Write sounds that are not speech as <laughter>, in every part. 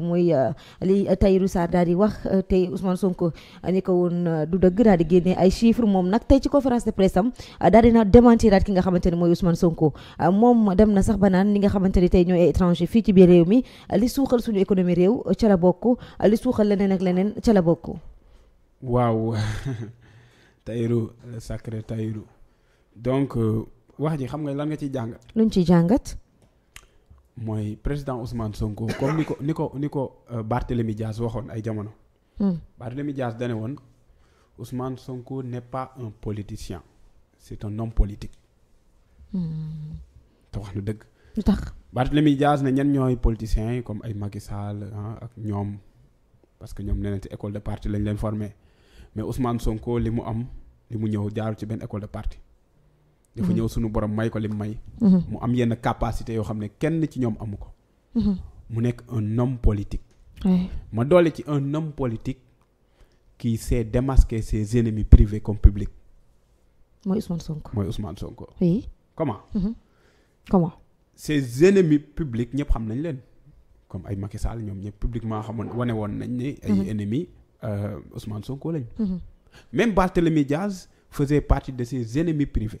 muy eh, li Tahirou Sarr daal di wax eh, tey Ousmane Sonko eh, ni ko woon du dëgg daal di génne ay chiffres moom nag tey ci conférence de presse am daal dina démentiraat ki nga xamante ne mooy Ousmane Sonko moom dem na sax ba naan li nga xamante ne tey ñooy étranger fii ci biir réew mi li suuxal suñu économie réew ca la bokk li suuxal leneen ak leneen ca la bokk. waaw <laughs> Tahirou sacré Tahirou donc wax ji xam nga lan nga ci jàngat. luñ ciy jàngat. mooy président Ousmane Sonko comme ni ko ni ko ni ko euh, Barthélemy Dias waxoon ay jamono. Hmm. Barthélemy Dias dane woon Ousmane Sonko n'est pas un politicien c'est un homme politique. Hmm. te wax na dëgg. lu tax Barthélemy Dias ne ñenn ñooy politiciens yi comme ay Macky Sall ak ñoom parce que ñoom nee nañ ci école de parti lañ leen formé mais Ousmane Sonko li mu am li mu ñëw jaaru ci benn école de parti. dafa mhm. ñëw suñu borom may ko lim may mhm. mu am yenn capacité yoo xam ne kenn ci ñoom amu ko mhm. mu nekk un homme politique ma doole ci un homme politique qui sait démasquer ses ennemis privés comme publics mooy Ousmane Sonko mooy Ousmane Sonko oui comment comment ses ennemis ñëpp xam nañ leen comme ay Macky Sall ñoom ñëpp publiquement xamoon wane woon nañ ne ay ennemis euh, Ousmane Sonko lañ même Barthélémy Diaz faisait partie de ses ennemis privés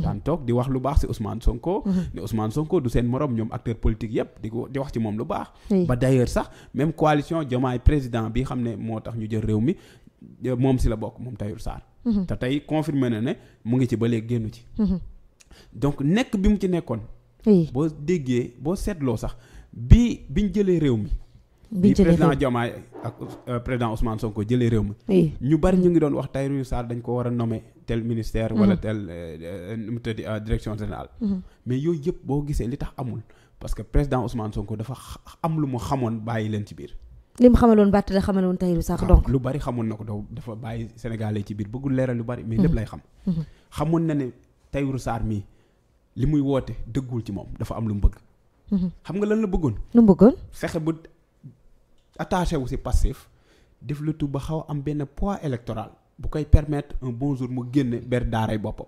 daan mhm. toog di wax lu baax si Ousmane Sonko. Mhm. ne Ousmane Sonko du seen morom ñoom acteur politique yëpp di ko di wax ci moom lu baax. ba d'ailleurs sax même coalition Diomaye président bi xam ne moo tax ñu jël réew mi euh, moom si la bokk moom Tahirou Sarr. Mhm. te tey confirmé na ne mu ngi ci ba léegi génnu ci. donc nekk bi mu ci nekkoon. boo déggee boo seetloo sax bi biñ jëlee réew mi. bi président Diomaye ak euh, président Ousmane Sonko jëlee réew mi. ñu bari ñu ngi doon wax Tahirou Sarr dañ ko war a nommer tel ministère. wala mhm. tel euh, nu mu euh, direction générale. Mhm. mais yooyu yëpp boo gisee li tax amul parce que président Ousmane Sonko dafa am lu mu xamoon bàyyi leen ci biir. li mu xamaloon bàtt la xamaloon Tahirou Sarr donc lu bari xamoon na ko dafa bàyyi Sénégalais ci biir bëggul leeral lu bari mais mhm. lépp lay xam. xamoon na ne Tahirou Sarr mii li muy woote dëggul ci moom dafa la bëggoon. lu mu bëggoon attaché wu si passif def lu tu ba xaw am benn poids électoral bu koy permettre un bon jour mu génn ber daaray boppam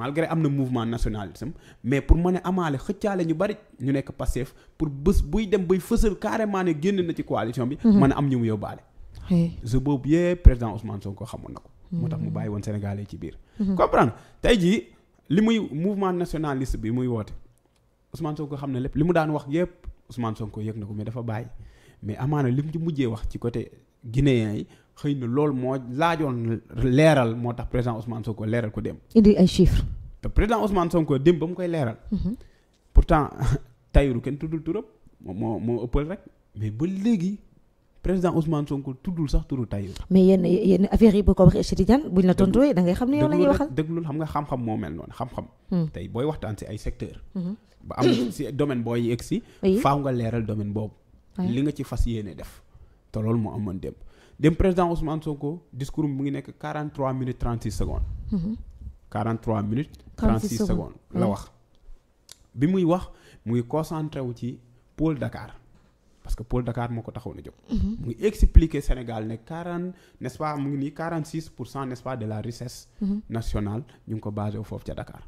malgré am na mouvement nationalisme mais pour mën a amaale xëccaale ñu bari ñu nekk passif pour bés buy dem ba fësal carrément ne génn na ci coalition bi. Mhm. mën a am ñu mu yóbbaale. je boobu yëpp président Ousmane Sonko xamoon na ko. moo tax mu mhm. bàyyi woon Sénégalais ci biir. Mhm. comprendre tey jii li muy mouvement nationaliste bi muy woote Ousmane Sonko xam li mu daan wax yëpp mais amaana lim ci mujjee wax ci côté guinéen yi xëy na loolu moo laajoon leeral moo tax président Ousmane Sonko leeral ko dem. indi ay chiffres. te président Ousmane Sonko dem ba mu koy leeral. Mhm. pourtant <laughs> Tayiru kenn tuddul turam moo moo ëppal rek mais ba léegi. président Ousmane Sonko tuddul sax turu Tahirou. mais yenn yenn affaire yi boo ko waxee si buñ la tontuwee da ngay xam ne yow la ñuy waxal. déglul xam nga xam-xam moo mel noonu xam-xam. Hmm. tey booy waxtaan si ay secteur mhm. ba am si domaine booy yegg si. faaw nga leeral domaine boobu. li nga ci fas yéene def te loolu moo amoon dem dem président Ousmane Sonko discours mu ngi nekk 43 minutes 36 secondes. 43 mm-hmm. minutes. 36 secondes la wax. bi muy wax muy concentré wu ci pôle Dakar parce que pôle Dakar moo ko taxaw na jóg. Mm-hmm. mu ngi expliquer Sénégal ne 40 n'est-ce pas mu ngi nii 46 pour cent n'est-ce pas de la richesse. Mm-hmm. nationale ñu ngi ko basé wu foofu ca Dakar.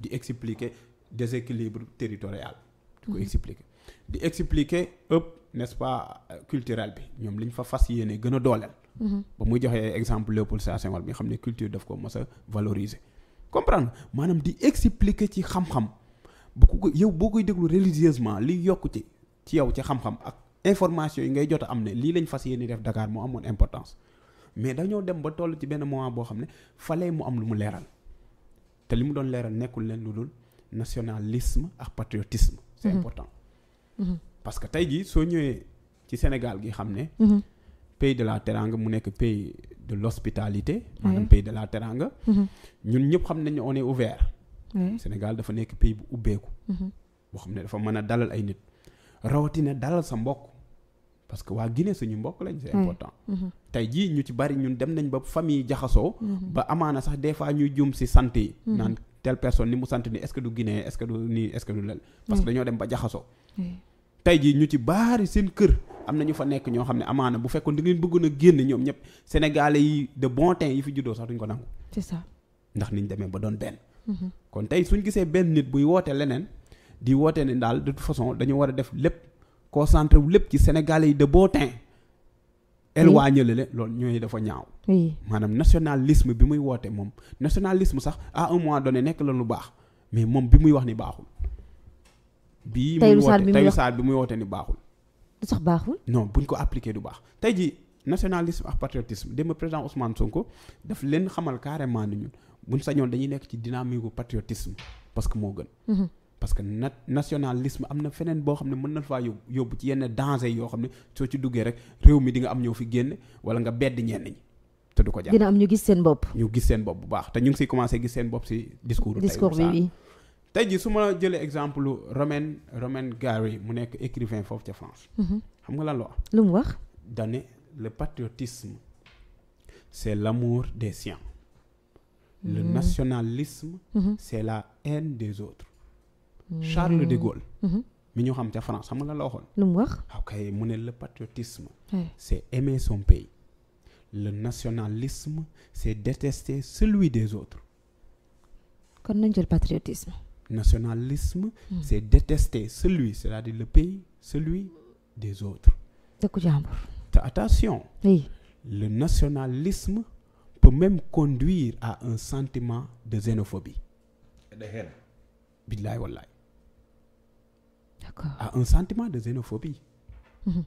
di expliquer déséquilibre territorial. di ko expliquer di expliquer ëpp n'est-ce pas culturel bi ñoom li ñu fa fas yéene gën a dooleel. Mhm. ba muy joxee exemple Léopold Sédar Senghor bi nga xam ne culture daf ko mos a valoriser. maanaam di expliquer ci xam-xam bu ko yow boo koy déglu réligieusement li yokk ci ci yow ci xam-xam ak information yi ngay jot am ne lii lañ fas yéene def Dakar moo amoon importance mais dañoo dem ba toll ci benn moment boo xam ne falee mu am lu mu leeral te li mu doon leeral nekkul leen lu dul nationalisme ak patriotisme. parce que tey jii soo ñëwee ci Sénégal gi xam ne. Mhm. pays de la teranga mu nekk pays de l'hospitalité. maanaam pays de la teranga. Mhm. ñun ñëpp xam nañu on est ouvert. Sénégal dafa nekk pays bu ubbeeku. Mhm. boo xam ne dafa mën a dalal ay nit. rawatina dalal sa mbokk. parce que waa ginee suñu mbokk lañ c'est important tey jii ñu ci bari ñun dem nañ ba famille jaxasoo ba amaana sax des fois ñuy juum si sant yi naan telle personne ni mu sant que du dem ba jaxasoo tey jii ñu ci baari seen kër am na ñu fa nekk ñoo xam ne amaana bu fekkoon da ngeen bëggoon a génn ñoom ñëpp sénégalais yi de bon temps yi fi juddoo sax duñ ko nangu. c'est ça ndax niñ demee ba doon benn. Mm-hmm. kon tey suñ gisee benn nit buy woote leneen di woote ne daal de façon dañu war a def lépp concentré wu lépp ci sénégalais yi de bon temps. éloigné la loolu ñooy dafa ñaaw. maanaam nationalisme bi muy woote moom nationalisme sax à un moment donné nekk la lu baax mais moom bi muy wax ni baaxul. bii muy woote Tahirou Sarr bi muy woote ni baaxul du sax baaxul non buñ ko appliqué du baax tey ji nationalisme ak patriotisme démb président Ousmane Sonko daf leen xamal carrément ni ñun buñ sañoon dañuy nekk ci dynamique gu parce que moo gën mhm. parce que na am na feneen boo xam ne mën na faa yóbbu ci yenn danger yoo xam ne soo ci duggee rek réew mi di nga am ñëw fi génn wala nga bedd ñenn ñi te du ko jàpp dina am ñu gis seen bopp ñu gis seen bopp bu baax te ñu ngi tey jii su ma jëlee exemple Romain Romain Gary mu nekk écrivain foofu ca France. Mhm. xam nga la loo lu mu wax. dane le patriotisme c'est l'amour des siens. le mhm. nationalisme. Mhm. c'est la un des autres. Charles de Gaulle. mi ñu xam ca France xam nga lan la waxoon. lu mu wax. Ah, ok mu ne le patriotisme. c'est aimer son pays. le nationalisme c'est détester celui des autres. kon nañ jël patriotisme. nationalisme mmh. c'est détester celui c'est-à-dire le pays celui des autres dëkku jàmbur attention oui. le nationalisme peut même conduire à un sentiment de xénophobie de à un sentiment de xénophobie mmh.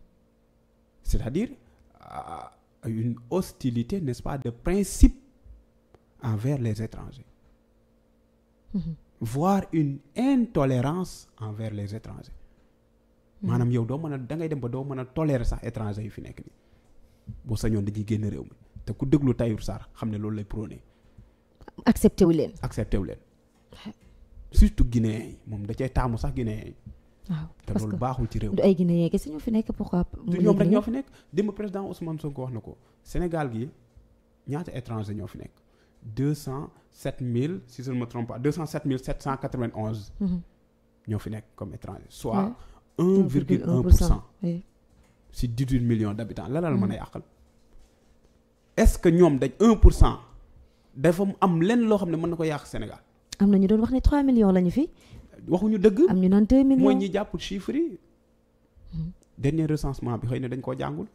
c'est-à-dire à une hostilité n'est-ce pas de principe envers les étrangers Mhm. voire une intolérance envers les étrangers mhm. maanaam yow doo mën a dangay dem ba doo mën a tolérer sax étranger yu fi nekk nii boo sañoon dañuy génn réew mi te ku déglu Taïru Sarr xam ne loolu lay prôné. accepté wu leen. accepté wu leen surtout guinéen moom da cee taamu sax guinéen yi. waaw te loolu baaxul ci réew. du ay guinéen kese ñoo fi nekk pourquoi. mu ñoom rek ñoo fi nekk démb président Ousmane Sonko wax na ko Sénégal gi ñaata étranger ñoo fi nekk. deux cent sept mille si je ne me trompe pas deux cent sept mille sept cent quatre vingt onze ñoo fi nekk comme étranger soit un virgule un pour cent si dix huit millions d' habitants la la mën a mm-hmm. yàqal est ce que ñoom dañ un pour cent dafa am lenn loo xam ne mën na ko yàq Sénégal am na ñu doon wax ne trois millions la ñu fi waxuñu dëgg am ñu naan deux millions mooy ñi jàppul chiffres yi mm-hmm. dernier recensement bi xëy na dañ koo jàngul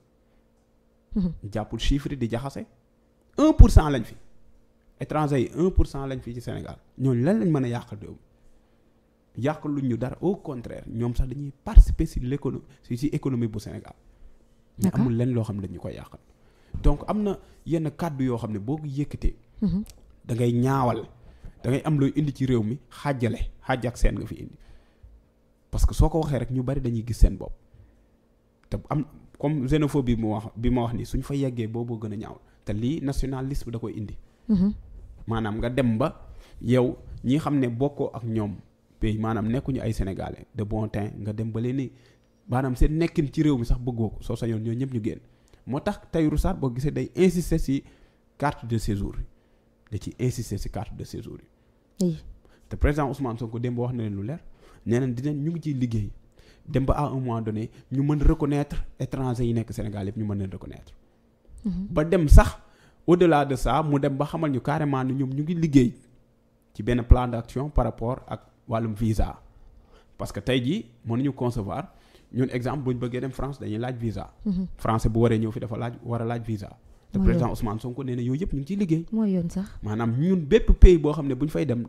mm-hmm. jàppul chiffres di jaxase pour cent lañ fi étranger yi un pour cent lañ fii ci Sénégal ñooñu lan lañ mën a yàq réew yàq luñ ñu dara au contraire ñoom sax dañuy participer si l'économie si si économie bu Sénégal mais amul lenn loo xam ne dañu koy yàqal donc am na yenn kàddu yoo xam ne boo ko yëkkatee mhm. da ngay ñaawal da am looy indi ci réew mi xàjjale xaaj ak seen nga fi indi parce que soo ko waxee rek ñu bari dañuy gis seen bopp te am comme xénophobie bi mu wax bi ma wax ni suñ fa yeggee booboo gën a ñaawal te lii nationalisme da koy indi mhm. maanaam nga dem ba yow ñi xam ne bokkoo ak ñoom pays maanaam nekkuñu ay sénégalais de bon temps nga dem ba leen ni maanaam seen nekkin ci réew mi sax bëggoo ko soo sañoon ñoo ñëpp ñu génn moo tax Tahirou Sarr boo gisee day insister si carte de séjour yi da ci insister si carte de séjour yi. te président Ousmane Sonko ko ba wax na leen lu leer nee na dinañ ñu ngi ciy liggéey dem ba à un moment donné ñu mën reconnaitre étranger yi nekk Sénégal ñu mën leen reconnaître. Mhm. ba dem au-delà de ça mu dem ba xamal ñu carrément ne ñoom ñu ngi liggéey ci benn plan d'action par rapport ak wàllum visa parce que tey jii mënuñu concevoir ñun exemple bu ñu bëggee dem France dañuy laaj visa. Mhm. français bu waree ñëw fi dafa laaj war a laaj visa. te président Ousmane Sonko nee na yooyu yëpp ñu ngi ciy liggéey. mooy yoon sax maanaam ñun bépp pays boo xam ne bu ñu fay dem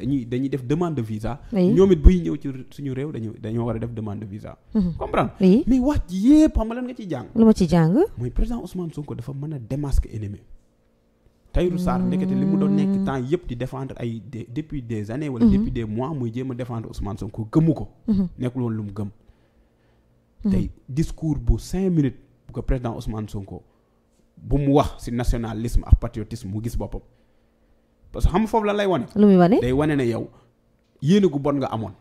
dañuy dañuy def demande de visa. ñoom it buy ñëw ci suñu réew dañu dañoo war a def demande de visa. Mhm. comprendre mais wax ji yëpp xam nga ci jàng. lu ma ci jàng. mooy président Ousmane Sonko dafa mën a démasquer ennemi. Tahirou Sarr mm. ndekete li mu doon nekk temps yëpp di défendre ay depuis des années. wala mhm. depuis des mois muy jéem a défendre Ousmane Sonko gëmu ko. Mhm. nekkul woon lu mu gëm. tey discours bu cinq minutes bu ko président Ousmane Sonko bu mu wax si nationalisme ak patriotisme mu gis boppam. parce que xam foofu lan lay wane. lu muy wane day wane ne yow yéene gu bon nga amoon.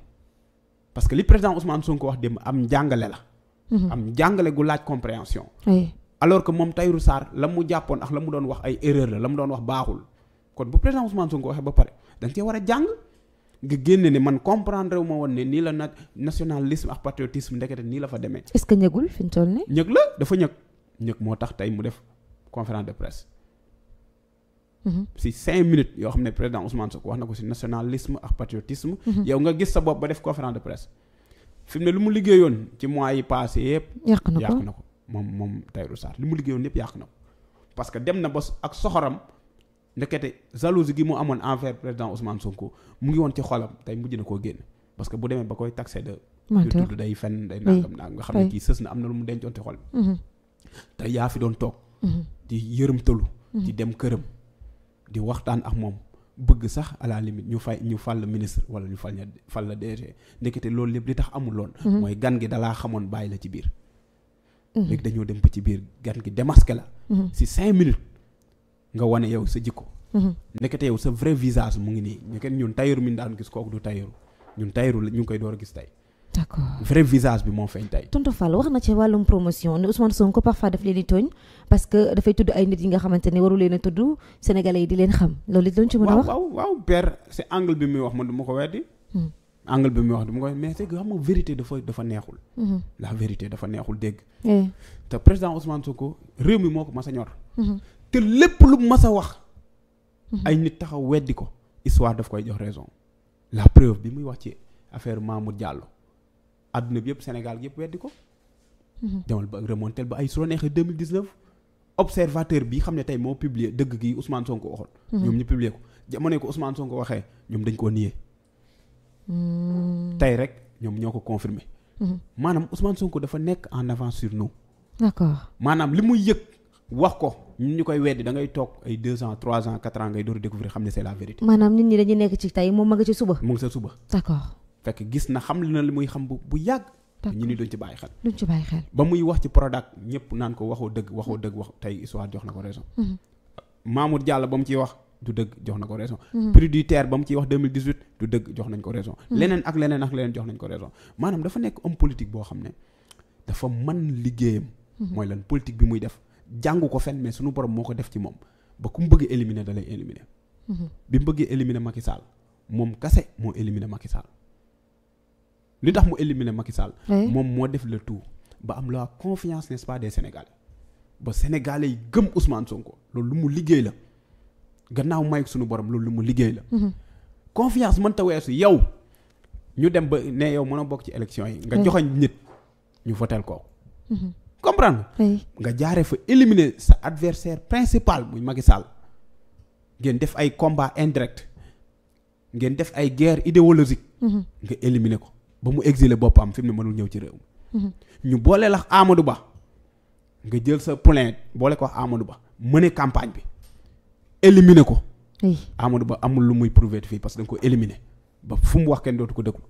parce que li président Ousmane ko wax démb am njàngale la. Mhm. am njàngale gu laaj compréhension. alors que moom Tahirou Sarr la mu jàppoon ak la mu doon wax ay erreur la la mu doon wax baaxul. kon bu président Ousmane Sonko waxee ba pare da nga cee war a jàng nga génne ne man comprendre wu ma woon ne nii la na nationalisme ak patriotisme ndekete nii la fa demee. est-ce que ñëgul fi mu toll la dafa ñëg ñëg moo tax tey mu def conférence de presse. Mhm. si cinq minutes yoo xam ne président Ousmane Sonko wax na ko si nationalisme ak patriotisme. Mhm. yow nga gis sa bopp ba def conférence de presse. fi mu ne lu mu liggéeyoon ci mois yi passé yëpp. yàq na ko moom moom Tahirou Sarr li mu liggéeyoon yëpp yàq na ko. parce que dem na ba ak soxoram ndekete jalousie gi mu amoon envers président Ousmane Sonko mu ngi woon ci xolam tey mujj na koo génn parce que bu demee ba koy taxé de. menteur day fen day nangam nangam nga xam ne di waxtaan ak moom bëgg sax à la ñu fay ñu fal ministre wala ñu fal fal la DG ndekete loolu lépp li tax amul loon mhm. mooy gan gi dalaa xamoon bàyyi la ci biir mhm. léegi dañoo dem ba ci biir gan gi démasqué la mhm. si cinq minutes nga wane yow sa jikko ndekete yow sa vrai visage mu ngi nii ñu kenn ñun tailleur mi daan gis kooku du tailleur ñun tailleur ñu ngi koy door a gis tey d'accord vrai visage bi moo feeñ tey. tonton Fall wax na ci wàllum promotion ne Ousmane Sonko parfois daf leen a a wax. waaw waaw ko weddi. Hmm. angle dafa neexul. Hmm. la vérité dafa neexul dégg. Eh. te président Ousmane Sonko réew mi moo ko mas a hmm. te lépp lu mas a wax. ay nit taxaw weddi ko histoire daf koy jox raison. la preuve bi muy wax ci affaire Mamour Diallo. àdduna bi yëpp Sénégal gi yëpp weddi ko. Mhm. demal ba remontel ba ay su la neexee 2019. observateur bi xam ne tey moo publier dëgg gi Ousmane Sonko waxoon. Mhm. ñoom ñu publier ko jamono ko son Sonko waxee ñoom dañ koo nié. Mm. tey rek ñoom ñoo ko confirmer mhm. maanaam Ousmane Sonko dafa nekk en avance sur nous. d'accord maanaam li muy yëg wax ko ñun ñu koy weddi da toog ay deux ans trois ans quatre ngay door a xam ne c'est la vérité. maanaam nit nekk ci tey moom ma nga ci suba. mu fekk gis na xam li li muy xam bu bu yàgg ñu ni duñ ci bàyyi xel duñ ci bàyyi xel ba muy wax ci Prodac ñëpp naan ko waxoo dëgg waxoo dëgg wax tey histoire jox na ko raison mm-hmm. Mamour Diallo ba mu ciy wax du dëgg jox na ko raison prix mm-hmm. du ba mu wax 2018 du dëgg jox nañ ko raison mm-hmm. leneen ak leneen ak leneen jox nañ ko raison maanaam dafa nekk homme politique boo xam ne dafa man liggéeyam mooy lan politique bi muy def jàngu ko fenn mais suñu borom moo ko def ci moom ba ku mu bëgg éliminer da lay éliminer bi mu bëggee éliminer Macky Sall moo éliminer Macky Sall li tax mu éliminer Macky Sall. moom moo def le tout ba am la confiance nest pas des Sénégalais ba Sénégalais yi gëm Ousmane ko loolu lu mu liggéey la gannaaw may suñu borom loolu lu mu liggéey la. Mhm. confiance mënta weesu yow ñu dem ba ne yow mën a bokk ci élection yi. nga joxoñ nit ñu votel ko. Mhm. comprendre nga jaaree fa élimine sa adversaire principal muy Macky Sall ngeen def ay combat indirect ngeen def ay guerre idéologique mhm. nga éliminer ko. ba mu exilé boppam fi mu ne mënul ñëw ci réew mhm. ñu boole lax Amadou Ba nga jël sa plainte boole ko wax Ba mëne campagne bi éliminer ko. Amadou Ba amul lu muy prouver fii parce que da nga ko éliminer ba fu mu wax kenn dootu ko déglu.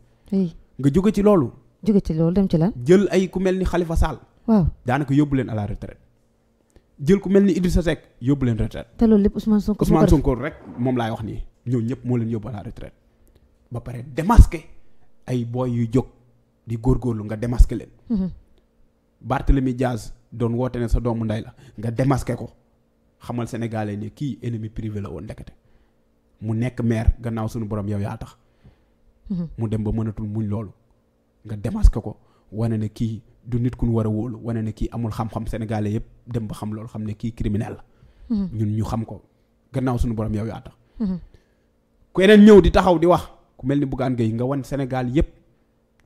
nga jóge ci loolu. jóge ci loolu dem ci lan. jël ay ku mel ni Khalifa Sall. waaw daanaka yóbbu leen à la retraite. jël ku mel ni sa Seck yóbbu leen retraite. te loolu lépp Ousmane Sonko Ousmane Sonko rek moom laay wax nii ñooñu ñëpp moo leen yóbbu la retraite ba pare démasqué. ay boy yu jóg di góor góorgóorlu nga démasqué leen. Mm-hmm. Barthélemy Diaz doon woote ne sa doomu ndey la nga démasqué ko xamal sénégalais ni kii ennemi privé la woon ndekete mu nekk maire gannaaw suñu borom yow yaa tax. Mm-hmm. mu dem ba mënatul muñ loolu nga démasqué ko wane na kii du nit ku ñu war a wóolu wane kii amul xam-xam sénégalais yëpp dem ba xam loolu xam ne kii criminel la. Mm-hmm. ñun ñu xam ko gannaaw suñu borom yow yaa tax. ku yeneen ñëw di taxaw di wax. ku mel ni Bougane Gueye nga wan Sénégal yëpp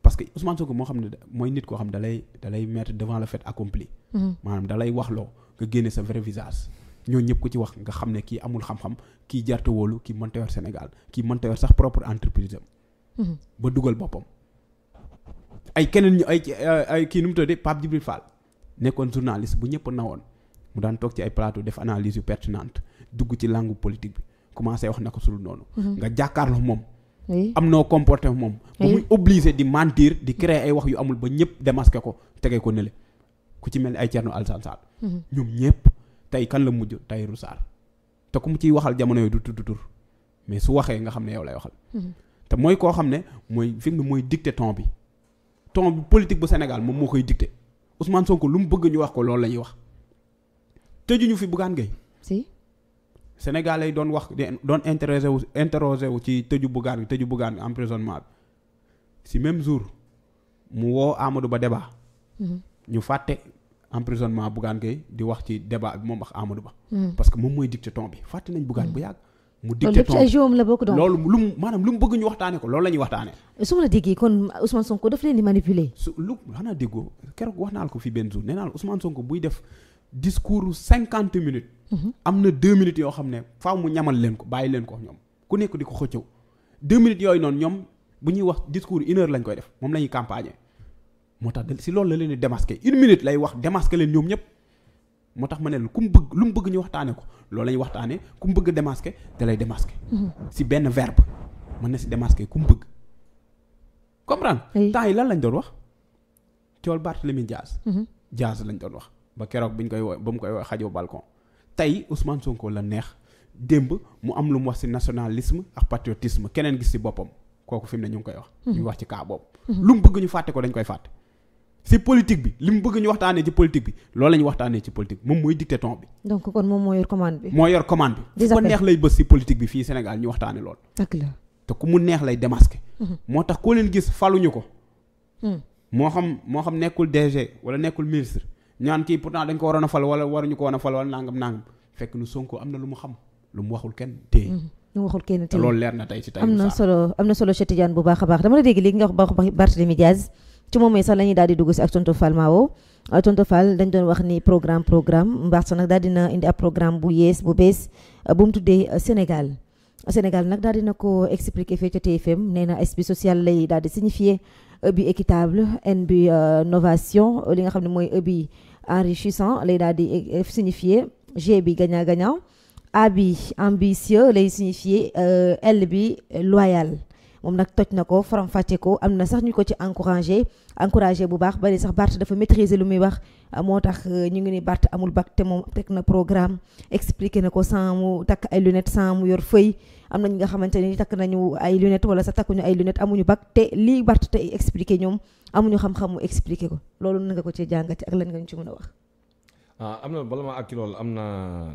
parce que Ousmane Sonko moo xam ne mooy nit koo xam da da lay mettre devant le fait accompli mm-hmm. maanaam da lay nga génne sa vrai visage ñooñu ñëpp ku ci wax nga xam ne kii amul xam-xam kii jarte wóolu kii mënta yor Sénégal kii mënta yor sax propre entreprise am mm-hmm. ba dugal boppam ay keneen ñu ay ay kii nu mu tuddee Pape Djibril Fall nekkoon journaliste bu ñëpp nawoon mu daan toog ci ay plateau def analyse yu pertinente dugg ci langue politique bi commencé wax na ko sul noonu mm-hmm. am noo comporté moom ba muy obligé di mentir di créer ay wax yu amul ba ñëpp démasqué ko tege ko nële ku ci mel ni ay Thierno Alassane Sall mhm. ñoom ñëpp tey kan la mujj Tahirou Sarr te ku mu ciy waxal jamono yooyu du tudd tur mais su waxee nga xam ne yow lay waxal mhm. te mooy koo xam ne mooy fi mu ne mooy dicté ton bi ton bi politique bu Sénégal moom moo koy dicté Ousmane Sonko lu mu bëgg ñu wax ko loolu la ñuy wax tëjuñu fi Bougane Gueye sénégalais yi doon wax doon intéressé wu interrogé wu ci tëju Bougane bi tëju Bougane bi emprisonnement bi si même jour mu woo Amadou Ba débat mhm. ñu fàtte emprisonnement Bougane Gueye di wax ci débat bi moom wax Amadou Ba mhm. parce que moom mooy dicté ton bi fàtte nañ Bougane mhm. bu yàgg mu dicté ton loolu lu mu maanaam lu mu bëgg ñu waxtaane ko loolu la ñuy waxtaane su ma la déggee kon Ousmane Sonko daf leen di manipuler su lu xanaa déggoo keroog wax naa ko fii benn jour nee naa la Ousmane Sonko buy def discours cinquante minutes am na deux minutes yoo xam ne faaw mu ñamal leen ko bàyyi leen ko ñoom ku nekk di ko xëccëw deux minutes yooyu noonu ñoom bu ñuy wax discours une lañ koy def moom la ñuy campagne moo tax si loolu la leen di démasqué une minute lay wax démasqué leen ñoom ñëpp moo tax ma ne ku mu bëgg lu mu bëgg ñu waxtaane ko loolu la ñuy waxtaane ku mu bëgg démasqué te lay démasqué mhm. si benn verbe mën na si démasqué ku mu bëgg comprendre temps yi lan lañ doon wax cool Barthélémy Diaz mhm. Diaz lañ doon wax ba keroog bi ñu koy woo ba mu koy woo xajoo balcon tey Ousmane Sonko la neex démb mu am lu mu wax ci nationalisme ak patriotisme keneen gis ci boppam kooku fi mu ne ñu ngi koy wax. Mhm. ñu wax ci cas boobu. Mhm. lu mu bëgg ñu fàtte ko dañ koy fàtte. ci politique bi li mu bëgg ñu waxtaanee ci politique bi loolu la ñu waxtaanee ci politique moom mooy dicté bi. moom moo yor commande bi. moo yor commande bi. ko neex lay bës si politique bi fii Sénégal ñu waxtaanee lool. dëgg la te ku mu neex lay démasqué. Mhm. moo tax koo leen gis faluñu ko. moo xam moo xam nekkul DG wala nekkul ministre. ñaan kii pourtant dañ ko waroon a fal wala waruñu ko woon a fal wala nangam nangam fekk nu Sonko am na lu mu xam lu mu waxul kenn téye. Mm-hmm. lu mu loolu leer na tey ci tey. am na solo am na solo Cheikh Tidiane bu baax a baax dama la dégg léegi nga wax baax Barthélémy Diaz ci moom sax dugg si ak tontu euh, Fall dañ doon wax ni programme programme mbaax sax nag daal dina indi ab programme bu yees bu bees euh, bu mu tuddee euh, Sénégal. Sénégal nag daal dina ko expliquer fii ca TFM nee na S bi social lay daal di signifier E bi équitable N bi li nga xam ne mooy E enrichissant lay daal di signifier G bi gagnant gagnant A bi ambitieux lay signifier euh, L bi loyal moom nag toj na ko faram fàcce ko am na sax ñu ko ci encouragé encouragé bu baax bari sax Barth dafa maîtriser lu muy wax moo tax euh, ñu ngi ni Barth amul bac te moom teg na programme expliqué na ko sans mu takk ay lunettes sans mu yor feuille am na ñi nga xamante ni takk nañu ay lunettes wala sax takkuñu ay lunettes amuñu bac te lii Barth tey expliqué ñoom amuñu xam-xamu expliqué ko loolu na ko ci jàngate ak lan nga ñu ci mun a wax. Ah, am na bala maa àgg loolu am na.